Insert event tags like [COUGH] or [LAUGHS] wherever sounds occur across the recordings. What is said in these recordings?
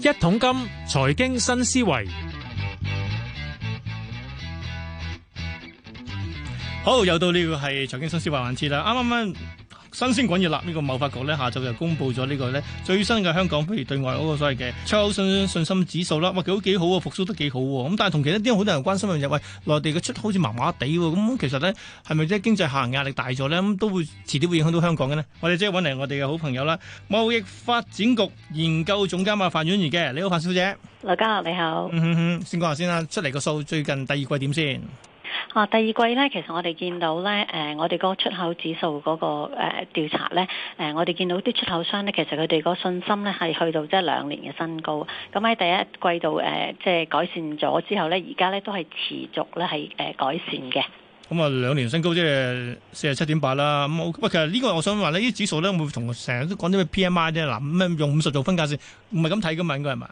一桶金財經新思維，好，又到呢個係財經新思維環節啦，啱啱，啱啱新鮮滾熱辣呢個貿發局呢，下晝又公布咗呢個呢最新嘅香港，譬如對外嗰個所謂嘅出口信信心指數啦，哇佢都幾好啊，復甦得幾好咁。但係同其他啲好多人關心嘅就喂，內地嘅出口好似麻麻地喎。咁、嗯、其實呢，係咪即係經濟下行壓力大咗呢？咁都會遲啲會影響到香港嘅呢。我哋即係搵嚟我哋嘅好朋友啦，貿易發展局研究總監啊范婉儀嘅，你好范小姐，劉家樂你好，嗯、哼哼先講下先啦，出嚟個數最近第二季點先？啊，第二季咧，其實我哋見到咧，誒，我哋個出口指數嗰個誒調查咧，誒，我哋見到啲出口商咧，其實佢哋個信心咧係去到即係兩年嘅新高，咁喺第一季度誒即係改善咗之後咧，而家咧都係持續咧係誒改善嘅。嗯咁啊，兩年新高即係四十七點八啦。咁，其實呢個我想話呢啲指數咧會同成日都講啲咩 P M I 啫。嗱，咩用五十做分界線，唔係咁睇噶嘛？應該係咪？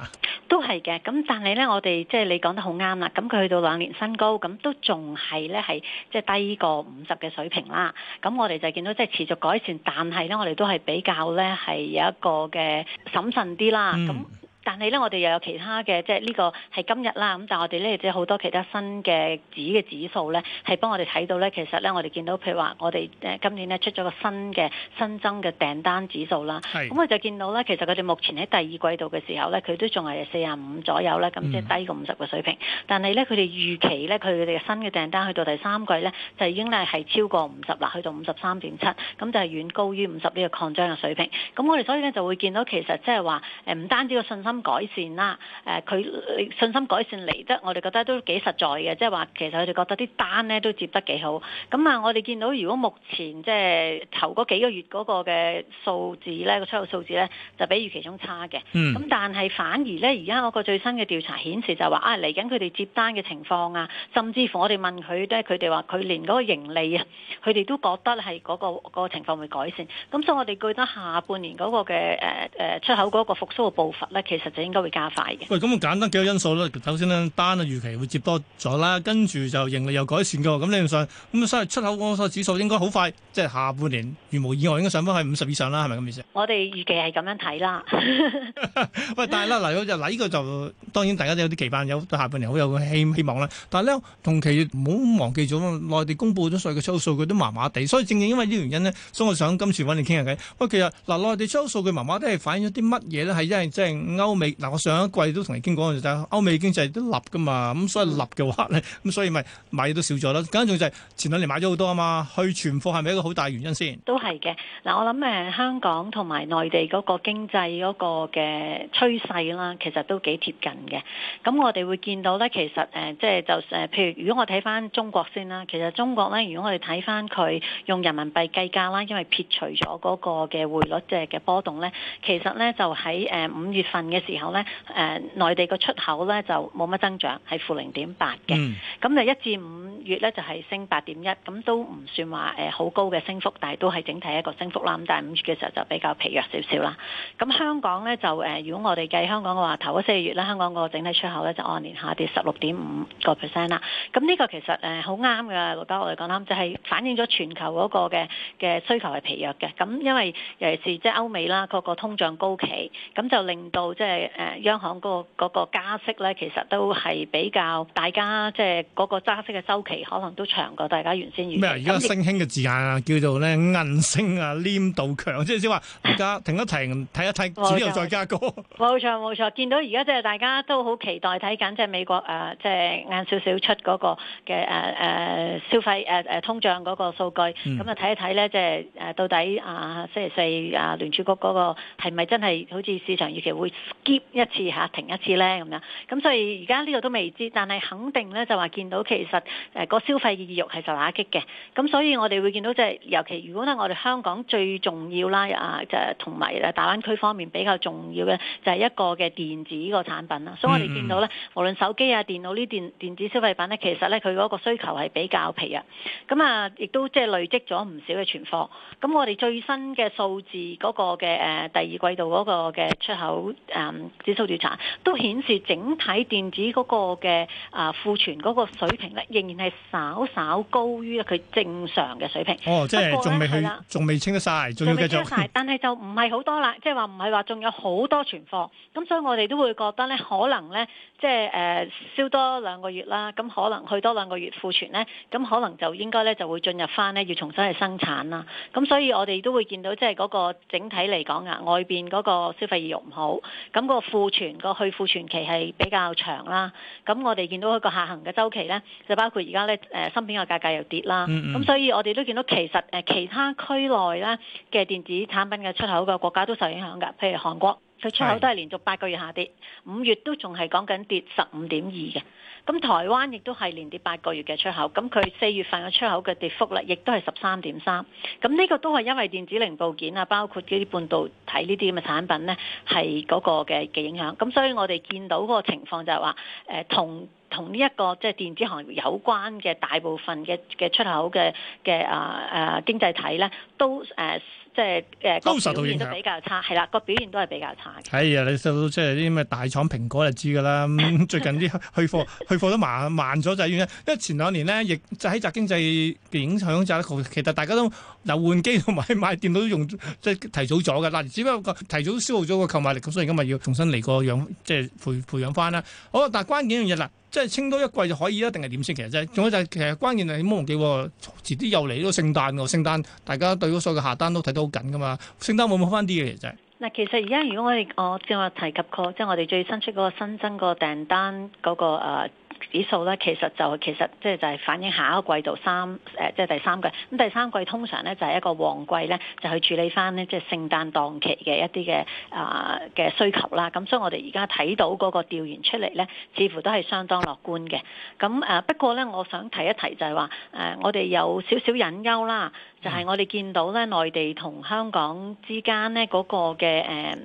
都係嘅。咁但係咧，我哋即係你講得好啱啦。咁佢去到兩年新高，咁都仲係咧係即係低過五十嘅水平啦。咁我哋就見到即係持續改善，但係咧我哋都係比較咧係有一個嘅審慎啲啦。咁、嗯。但係咧，我哋又有其他嘅，即係呢個係今日啦。咁但係我哋咧即係好多其他新嘅指嘅指數咧，係幫我哋睇到咧。其實咧，我哋見到譬如話，我哋誒今年咧出咗個新嘅新增嘅訂單指數啦。咁是我就見到咧，其實佢哋目前喺第二季度嘅時候咧，佢都仲係四十五左右啦，咁即係低過五十嘅水平。嗯。但係咧，佢哋預期咧，佢哋嘅新嘅訂單去到第三季咧，就已經咧係超過五十啦，去到五十三點七，咁就係遠高於五十呢個擴張嘅水平。咁我哋所以咧就會見到其實即係話誒，唔單止個信心。改善啦，誒佢信心改善嚟得，我哋、嗯、覺得都幾實在嘅，即係話其實佢哋覺得啲單咧都接得幾好。咁啊，我哋見到如果目前即係頭嗰幾個月嗰個嘅數字咧，個出口數字咧就比預期中差嘅。咁但係反而咧，而家我個最新嘅調查顯示就話啊，嚟緊佢哋接單嘅情況啊，甚至乎我哋問佢咧，佢哋話佢連嗰個盈利啊，佢哋都覺得係嗰、嗰個嗰個情況會改善。咁所以我哋覺得下半年嗰個嘅誒誒出口嗰個復甦嘅步伐咧，其實。或者應該會加快嘅。喂，咁簡單幾個因素啦。首先咧，單嘅預期會接多咗啦，跟住就盈利又改善嘅。咁理論上，咁所以出口安收指數應該好快，即係下半年，如無意外應該上翻去五十以上啦，係咪咁意思？我哋預期係咁樣睇啦。 [LAUGHS] [LAUGHS] 喂，但係啦，嗱、呃，就嗱依個就當然大家都有啲期盼，有對下半年好有希希望啦。但係呢，同期唔好忘記咗，內地公布咗所有嘅出口數據都麻麻地，所以正正因為呢個原因呢，所以我想今次揾你傾下偈。喂，其實嗱，內、呃、地出口數據麻麻地係反映咗啲乜嘢呢？係因為即係歐美嗱，我上一季都同你傾講就係歐美經濟都立噶嘛，咁所以立嘅話咧，咁所以咪買都少咗啦。緊張仲就係前兩年買咗好多啊嘛，去存貨係咪一個好大原因先？都係嘅。嗱，我諗誒、呃、香港同埋內地嗰個經濟嗰個嘅趨勢啦，其實都幾貼近嘅。咁我哋會見到咧，其實誒即係就誒，譬如如果我睇返中國先啦，其實中國咧，如果我哋睇返佢用人民幣計價啦，因為撇除咗嗰個嘅匯率嘅嘅波動咧，其實咧就喺誒五月份嘅時候咧，誒內地個出口咧就冇乜增長，係負零點八嘅。咁、嗯、就一至五月咧就係升八點一，咁都唔算話誒好高嘅升幅，但係都係整體一個升幅啦。咁但係五月嘅時候就比較疲弱少少啦。咁香港咧就誒，如果我哋計香港嘅話，頭嗰四月啦，香港個整體出口咧就按年下跌十六點五個 percent 啦。咁呢個其實誒好啱㗎，劉德我哋講啱，就係反映咗全球嗰個嘅嘅需求係疲弱嘅。咁因為尤其是即係歐美啦，個個通脹高企，咁就令到即係。誒、呃，央行嗰個個加息咧，其實都係比較大家即係嗰個加息嘅周期，可能都長過大家原先預。咩而家新興嘅字眼啊，叫做咧銀聲啊，黏度強，即係先話而家停一停，睇、啊、一睇，之後再加高。冇錯冇錯，見到而家即係大家都好期待睇緊，即係美國啊，即係晏少少出嗰個嘅誒誒消費誒誒通脹嗰個數據，咁啊睇一睇咧，即係誒到底啊星期四,十四十啊聯儲局嗰個係咪真係好似市場預期會，會劫一次嚇、啊，停一次呢。咁樣，咁、嗯、所以而家呢個都未知，但係肯定呢，就話見到其實誒、呃那個消費意欲係受打擊嘅，咁、嗯、所以我哋會見到即、就、係、是、尤其如果呢，我哋香港最重要啦啊，就同埋大灣區方面比較重要嘅就係一個嘅電子個產品啦，所以我哋見到呢，無論手機啊、電腦呢啲電子消費品呢，其實呢，佢嗰個需求係比較疲弱，咁啊亦都即係累積咗唔少嘅存貨，咁我哋最新嘅數字嗰、那個嘅誒、啊、第二季度嗰個嘅出口、啊嗯，指數調查都顯示整體電子嗰個嘅啊庫存嗰個水平咧，仍然係稍稍高於佢正常嘅水平。哦，即係仲未去，仲未啦清得晒，仲要繼續。 [LAUGHS] 但係就唔係好多啦，即係話唔係話仲有好多存貨。咁所以我哋都會覺得咧，可能咧，即係誒、呃、燒多兩個月啦，咁可能去多兩個月庫存咧，咁可能就應該咧就會進入翻咧要重新去生產啦。咁所以我哋都會見到即係嗰個整體嚟講啊，外邊嗰個消費意欲唔好。咁個庫存、個去庫存期係比較長啦，咁我哋見到一個下行嘅周期咧，就包括而家咧誒芯片嘅價格又跌啦，咁、嗯嗯、所以我哋都見到其實誒、呃、其他區內咧嘅電子產品嘅出口嘅國家都受影響㗎，譬如韓國。佢出口都係連續八個月下跌，五月都仲係講緊跌十五點二嘅。咁台灣亦都係連跌八個月嘅出口，咁佢四月份嘅出口嘅跌幅咧，亦都係十三點三。咁呢個都係因為電子零部件啊，包括嗰啲半導體呢啲咁嘅產品呢，係嗰個嘅嘅影響。咁所以我哋見到嗰個情況就係話，誒、呃、同同呢、呢、一個即係、即係、電子行業有關嘅大部分嘅嘅出口嘅嘅啊啊經濟體呢，都誒。啊即係誒，呃、現都受到影響，都比較差，係啦，個表現都係比較差嘅。係啊、哎，你睇到即係啲咩大廠蘋果就知㗎啦。最近啲去貨， [LAUGHS] 去貨都慢慢咗，就係因為前兩年呢，亦就喺宅經濟影響之下，其實大家都嗱換機同埋買，買電腦都用即係提早咗嘅。嗱，只不過提早消耗咗個購買力，咁所以今日要重新嚟個養，即係培培養翻啦。好，但係關鍵一樣嘢啦。即係清多一季就可以啊？定係點先？其實真係，仲有就係、是、其實關鍵係你冇忘記喎。遲啲又嚟到聖誕喎，聖誕，聖誕大家對嗰所有嘅下單都睇得好緊㗎嘛。聖誕會唔會翻啲嘅？其實嗱，其實而家如果我哋我正話提及過即係我哋最新出嗰個新增個訂單嗰、那個、呃指數咧，其實就其實即係就係反映下一個季度三誒，即係第三季。咁第三季通常咧就係一個旺季咧，就去處理翻咧即係聖誕檔期嘅一啲嘅啊嘅需求啦。咁所以我哋而家睇到嗰個調研出嚟咧，似乎都係相當樂觀嘅。咁誒不過咧，我想提一提就係話誒，我哋有少少隱憂啦。就係我哋見到咧，內地同香港之間咧嗰、嗰個嘅誒、呃、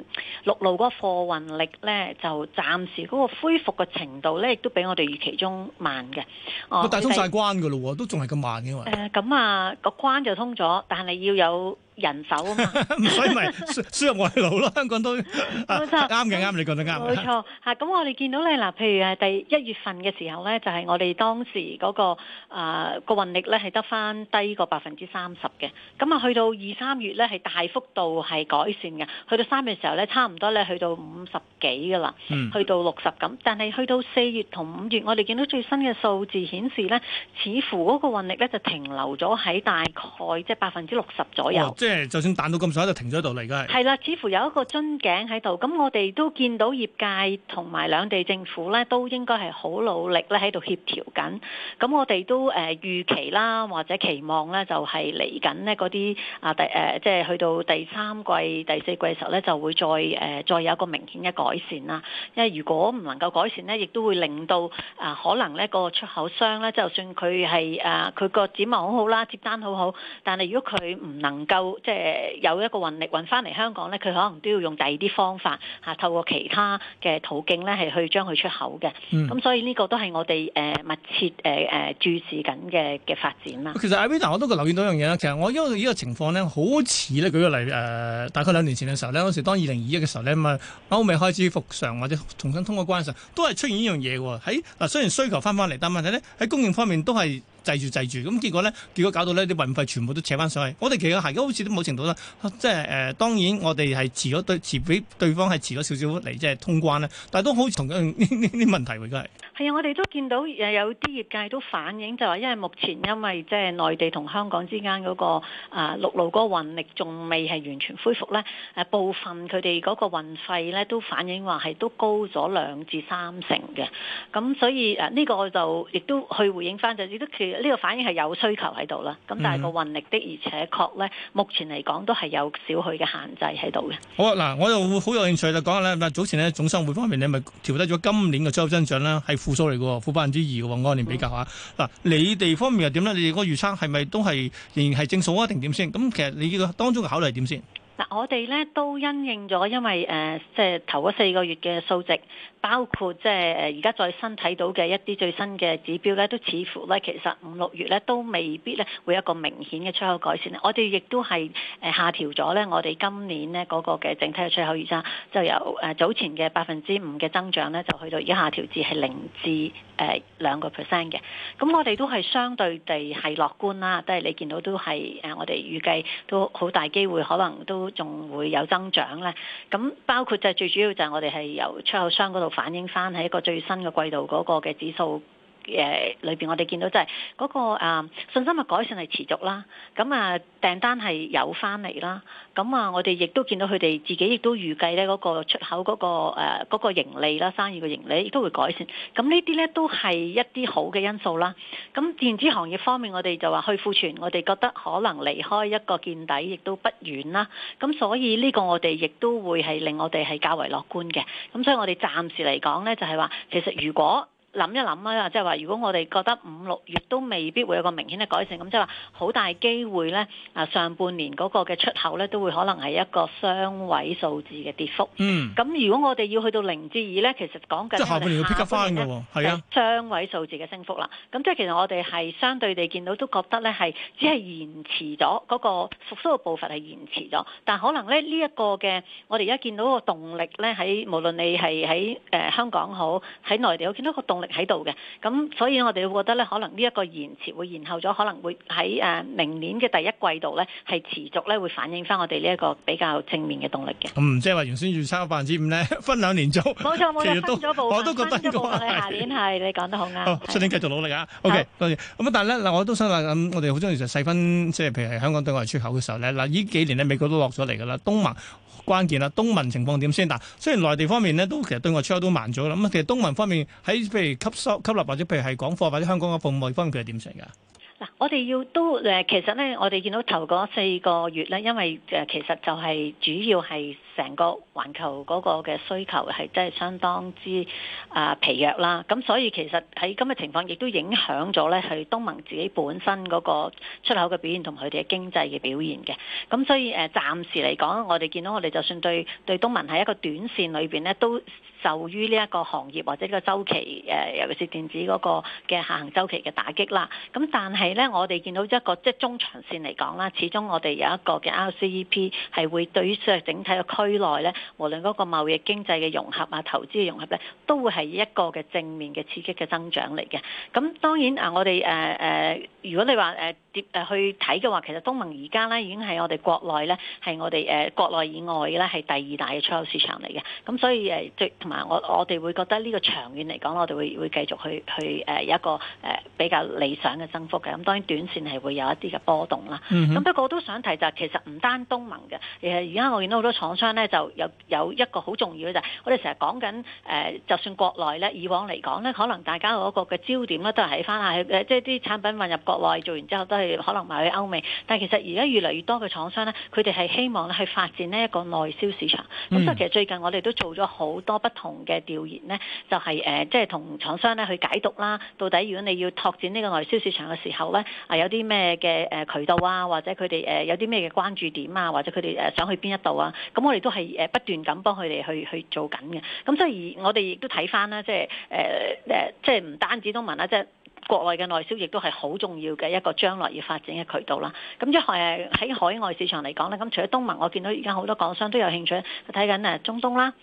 陸路嗰個貨運力咧，就暫時嗰個恢復嘅程度咧，亦都比我哋預期中慢嘅。哦、我大通晒關嘅嘞，都仲係咁慢嘅嘛。誒、呃，咁啊，個關就通咗，但係要有。人手啊嘛，所以咪輸入外勞咯。香港都啱嘅，啱你講得啱。冇錯，嚇咁我哋見到咧嗱，譬如係第一月份嘅時候咧，就係、是、我哋當時嗰、那個誒個、呃、運力咧係得翻低個百分之三十嘅。咁啊，去到二三月咧係大幅度係改善嘅。去到三月時候咧，差唔多咧去到五十幾噶啦，嗯、去到六十咁。但係去到四月同五月，我哋見到最新嘅數字顯示咧，似乎嗰個運力咧就停留咗喺大概即係百分之六十左右。哦即 [NOISE] 就算彈到咁上，就停咗度嚟噶。係啦，似乎有一個樽頸喺度。咁我哋都見到業界同埋兩地政府咧，都應該係好努力咧喺度協調緊。咁我哋都誒、呃、預期啦，或者期望咧，就係嚟緊呢嗰啲啊第誒、呃，即係去到第三季、第四季嘅時候咧，就會再誒、呃、再有一個明顯嘅改善啦。因為如果唔能夠改善咧，亦都會令到啊、呃、可能呢、呢個出口商咧，就算佢係啊佢個展望好好啦，接單好好，但係如果佢唔能夠即係有一個運力運翻嚟香港咧，佢可能都要用第二啲方法嚇、啊，透過其他嘅途徑咧，係去將佢出口嘅。咁、嗯嗯、所以呢個都係我哋誒、呃、密切誒誒、呃、注視緊嘅嘅發展啦。其實阿 Vita 我都留意到一樣嘢咧，其實我因為呢個情況咧，好似咧舉個例誒、呃，大概兩年前嘅時候咧，嗰時當二零二一嘅時候咧，咁啊歐美開始復常或者重新通過關稅，都係出現呢樣嘢喎。喺嗱雖然需求翻翻嚟，但問題咧喺供應方面都係。制住制住，咁結果咧，結果搞到呢啲運費全部都扯翻上去。我哋其實係好似都冇程度啦，即係誒，當然我哋係遲咗對，遲俾對方係遲咗少少嚟，即係通關咧。但係都好似、嗯、同樣呢啲問題喎，而家係係啊，我哋都見到誒有啲業界都反映就話，因為目前因為即係內地同香港之間嗰、嗰個啊陸、呃、路嗰個運力仲未係完全恢復咧，誒部分佢哋嗰個運費咧都反映話係都高咗兩至三成嘅。咁、嗯、所以誒、啊、呢、這個我就亦都去回應翻就，亦都其。呢個反應係有需求喺度啦，咁但係個運力的而且確咧，目前嚟講都係有少許嘅限制喺度嘅。好嗱、啊，我又好有興趣就講下咧。嗱，早前咧總商會方面，你咪調低咗今年嘅收增長啦，係負數嚟嘅，負百分之二嘅喎，按年比較啊。嗱、嗯，你哋方面又點咧？你哋個預測係咪都係仍然係正數啊？定點先？咁其實你個當中嘅考慮係點先？嗱，我哋咧都因應咗，因為誒、呃，即係頭嗰四個月嘅數值。包括即係誒，而家最新睇到嘅一啲最新嘅指標咧，都似乎咧其實五六月咧都未必咧會有一個明顯嘅出口改善。我哋亦都係誒下調咗咧，我哋今年咧嗰個嘅整體嘅出口預測就由誒早前嘅百分之五嘅增長咧，就去到而家下調至係零至誒兩個 percent 嘅。咁我哋都係相對地係樂觀啦，都係你見到都係誒，我哋預計都好大機會可能都仲會有增長咧。咁包括就最主要就係我哋係由出口商嗰度，反映翻喺一個最新嘅季度嗰個嘅指數。誒裏邊我哋見到就係嗰個誒信心嘅改善係持續啦，咁啊訂單係有翻嚟啦，咁啊我哋亦都見到佢哋自己亦都預計咧嗰個出口嗰個誒嗰個盈利啦，生意嘅盈利亦都會改善，咁呢啲咧都係一啲好嘅因素啦。咁電子行業方面我，我哋就話去庫存，我哋覺得可能離開一個見底亦都不遠啦。咁所以呢個我哋亦都會係令我哋係較為樂觀嘅。咁所以我哋暫時嚟講咧，就係話其實如果諗一諗啊，即係話如果我哋覺得五六月都未必會有個明顯嘅改善，咁即係話好大機會咧啊！上半年嗰個嘅出口咧都會可能係一個雙位數字嘅跌幅。嗯。咁如果我哋要去到零至二咧，其實講緊即係下半年要 pick 翻嘅，係啊。雙位數字嘅升幅啦。咁即係其實我哋係相對地見到都覺得咧係只係延遲咗嗰個復甦嘅步伐係延遲咗，但可能咧呢一個嘅我哋而家見到個動力咧喺無論你係喺誒香港好喺內地，我見到個動力喺度嘅，咁所以我哋會覺得咧，可能呢一個延遲會延後咗，可能會喺誒明年嘅第一季度咧，係持續咧會反映翻我哋呢一個比較正面嘅動力嘅。嗯，即係話原先預測百分之五咧，分兩年做，冇錯冇錯，分咗部分，我都覺得你下年係，你講得好啱。下年繼續努力啊！OK，多謝。咁啊，但係咧，嗱，我都想話，我哋好中意就細分，即係譬如係香港對外出口嘅時候咧，嗱，呢幾年咧，美國都落咗嚟噶啦，東盟。關鍵啦，東盟情況點先？嗱，雖然內地方面咧都其實對外出口都慢咗啦，咁啊，其實東盟方面喺譬如吸收吸納或者譬如係港貨或者香港嘅服務方面佢係點成噶？嗱，我哋要都誒、呃，其實咧我哋見到頭嗰四個月咧，因為誒、呃、其實就係主要係。成個環球嗰個嘅需求係真係相當之啊疲弱啦，咁所以其實喺咁嘅情況亦都影響咗咧，係東盟自己本身嗰個出口嘅表現同佢哋嘅經濟嘅表現嘅。咁所以誒暫時嚟講，我哋見到我哋就算對對東盟喺一個短線裏邊咧，都受於呢一個行業或者個周期誒尤其是電子嗰個嘅下行周期嘅打擊啦。咁但係咧，我哋見到一個即係、就是、中長線嚟講啦，始終我哋有一個嘅 RCEP 係會對於整體嘅區。之內咧，無論嗰個貿易經濟嘅融合啊，投資嘅融合咧，都會係一個嘅正面嘅刺激嘅增長嚟嘅。咁當然啊，我哋誒誒，如果你話誒誒去睇嘅話，其實東盟而家咧已經係我哋國內咧，係我哋誒國內以外咧係第二大嘅出口市場嚟嘅。咁所以誒，同埋我我哋會覺得呢個長遠嚟講，我哋會會繼續去去誒有一個誒比較理想嘅增幅嘅。咁當然短線係會有一啲嘅波動啦。咁不過我都想提就係，其實唔單東盟嘅，而而家我見到好多廠商。咧就有有一個好重要嘅就係我哋成日講緊誒，就算國內咧，以往嚟講咧，可能大家嗰個嘅焦點咧都係喺翻係誒，即係啲產品運入國內做完之後都係可能埋去歐美。但係其實而家越嚟越多嘅廠商咧，佢哋係希望去發展呢一個內銷市場。咁所以其實最近我哋都做咗好多不同嘅調研咧，就係誒，即係同廠商咧去解讀啦，到底如果你要拓展呢個內銷市場嘅時候咧，啊有啲咩嘅誒渠道啊，或者佢哋誒有啲咩嘅關注點啊，或者佢哋誒想去邊一度啊？咁我哋都係誒不斷咁幫佢哋去去做緊嘅，咁所以我哋亦都睇翻啦，即係誒誒，即係唔單止都問啦，即係。國內嘅內銷亦都係好重要嘅一個將來要發展嘅渠道啦。咁一係喺海外市場嚟講咧，咁除咗東盟，我見到而家好多港商都有興趣睇緊誒中東啦，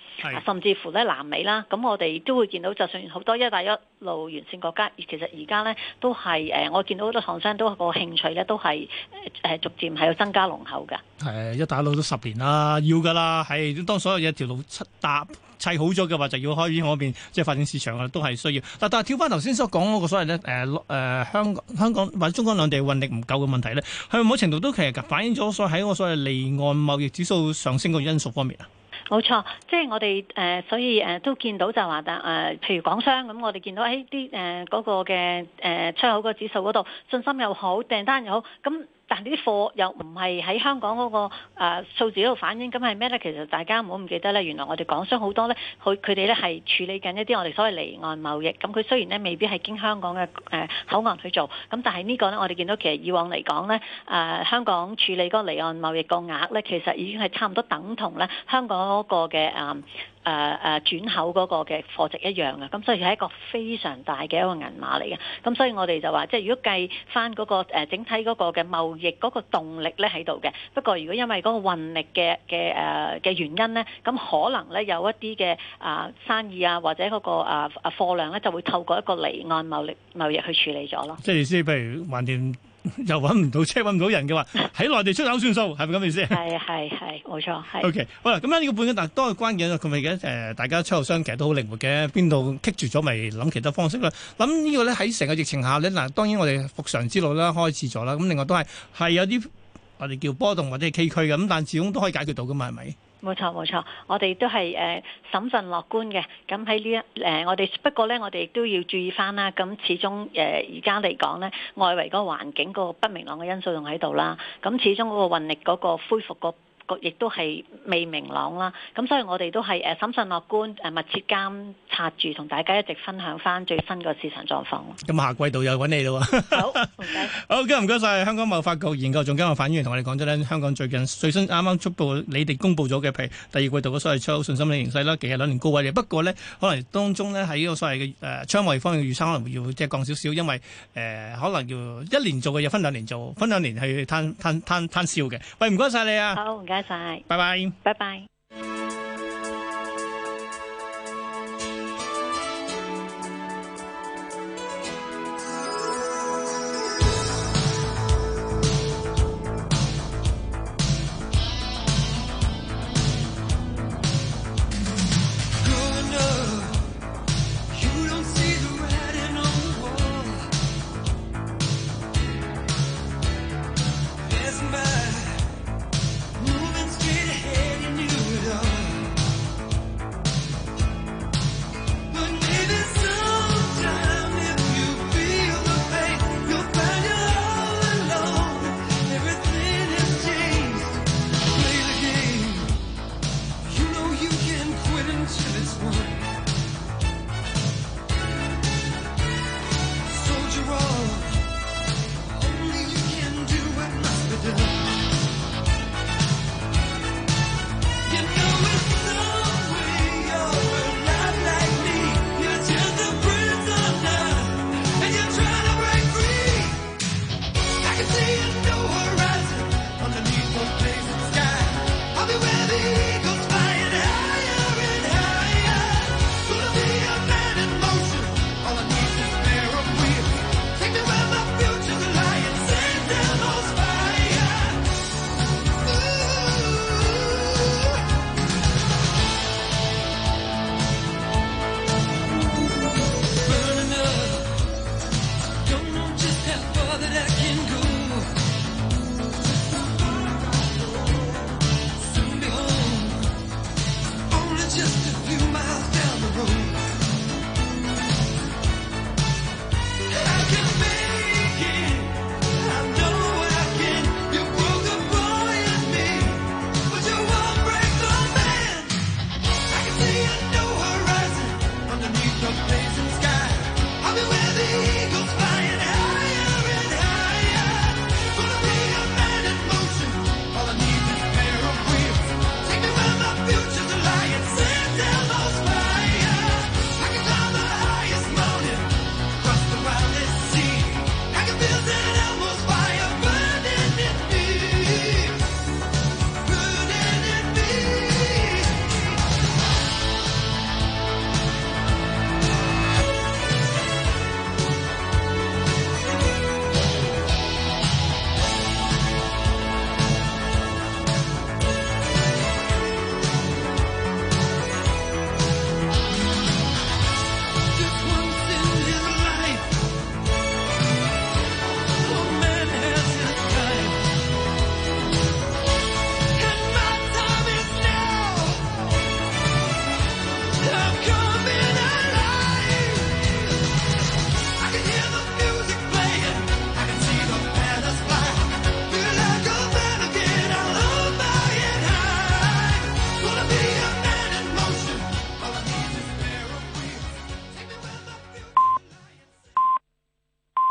甚至乎咧南美啦。咁我哋都會見到，就算好多一帶一路完善國家，其實而家咧都係誒，我見到好多港商都個興趣咧都係誒、呃、逐漸喺度增加濃厚㗎。係一帶一路都十年啦，要㗎啦，係當所有嘢一條路出搭。砌好咗嘅話，就要開始嗰邊即係發展市場啊，都係需要。嗱，但係跳翻頭先所講嗰個所謂咧，誒、呃、誒、呃、香港、香港或者中港兩地運力唔夠嘅問題咧，佢某程度都其實反映咗所喺我所謂離岸貿易指數上升個因素方面啊。冇錯，即係我哋誒、呃，所以誒、呃、都見到就話誒、呃，譬如港商咁，我哋見到喺啲誒嗰個嘅誒、呃、出口個指數嗰度信心又好，訂單又好，咁。但呢啲貨又唔係喺香港嗰、嗰個誒、呃、數字嗰度反映，咁係咩咧？其實大家唔好唔記得咧，原來我哋港商好多咧，佢佢哋咧係處理緊一啲我哋所謂離岸貿易。咁佢雖然咧未必係經香港嘅誒、呃、口岸去做，咁但係呢個咧我哋見到其實以往嚟講咧，誒、呃、香港處理嗰個離岸貿易個額咧，其實已經係差唔多等同咧香港嗰個嘅誒。呃誒誒、啊啊、轉口嗰個嘅貨值一樣嘅，咁、嗯、所以係一個非常大嘅一個銀碼嚟嘅。咁、嗯、所以我哋就話，即係如果計翻嗰、那個、啊、整體嗰個嘅貿易嗰個動力咧喺度嘅。不過如果因為嗰個運力嘅嘅誒嘅原因咧，咁、嗯、可能咧有一啲嘅啊生意啊或者嗰、那個啊啊貨量咧就會透過一個離岸貿易貿易去處理咗咯。即係意思，譬如橫掂。 [LAUGHS] 又揾唔到車，揾唔到人嘅話，喺內地出口算數，係咪咁意思？係係係，冇錯。係。OK，好啦，咁樣呢個半個都係關鍵，佢咪嘅誒，大家出口商其實都好靈活嘅，邊度棘住咗咪諗其他方式啦。咁呢個咧喺成個疫情下咧，嗱，當然我哋復常之路啦，開始咗啦。咁另外都係係有啲我哋叫波動或者係崎嶇咁，但始終都可以解決到噶嘛，係咪？冇錯冇錯，我哋都係誒、呃、審慎樂觀嘅。咁喺呢一誒，我哋不過咧，我哋亦都要注意翻啦。咁始終誒而家嚟講咧，外圍嗰個環境、嗰個不明朗嘅因素仲喺度啦。咁始終嗰個運力嗰個恢復個。亦都係未明朗啦，咁、嗯、所以我哋都係誒審慎樂觀，誒、啊、密切監察住，同大家一直分享翻最新個市場狀況。咁下季度又揾你嘞喎、啊！好唔該。謝謝好，今日唔該曬香港貿發局研究總監阿範宇同我哋講咗呢，香港最近最新啱啱出報，你哋公佈咗嘅譬如第二季度嘅所謂出口信心嘅形勢啦，其實兩年高位。不過呢，可能當中呢，喺呢個所謂嘅誒窗位方面預測可能要即係降少少，因為誒、呃、可能要一年做嘅嘢，分兩年做，分兩年係攤攤攤攤銷嘅。喂，唔該晒你啊！多謝，拜拜，拜拜。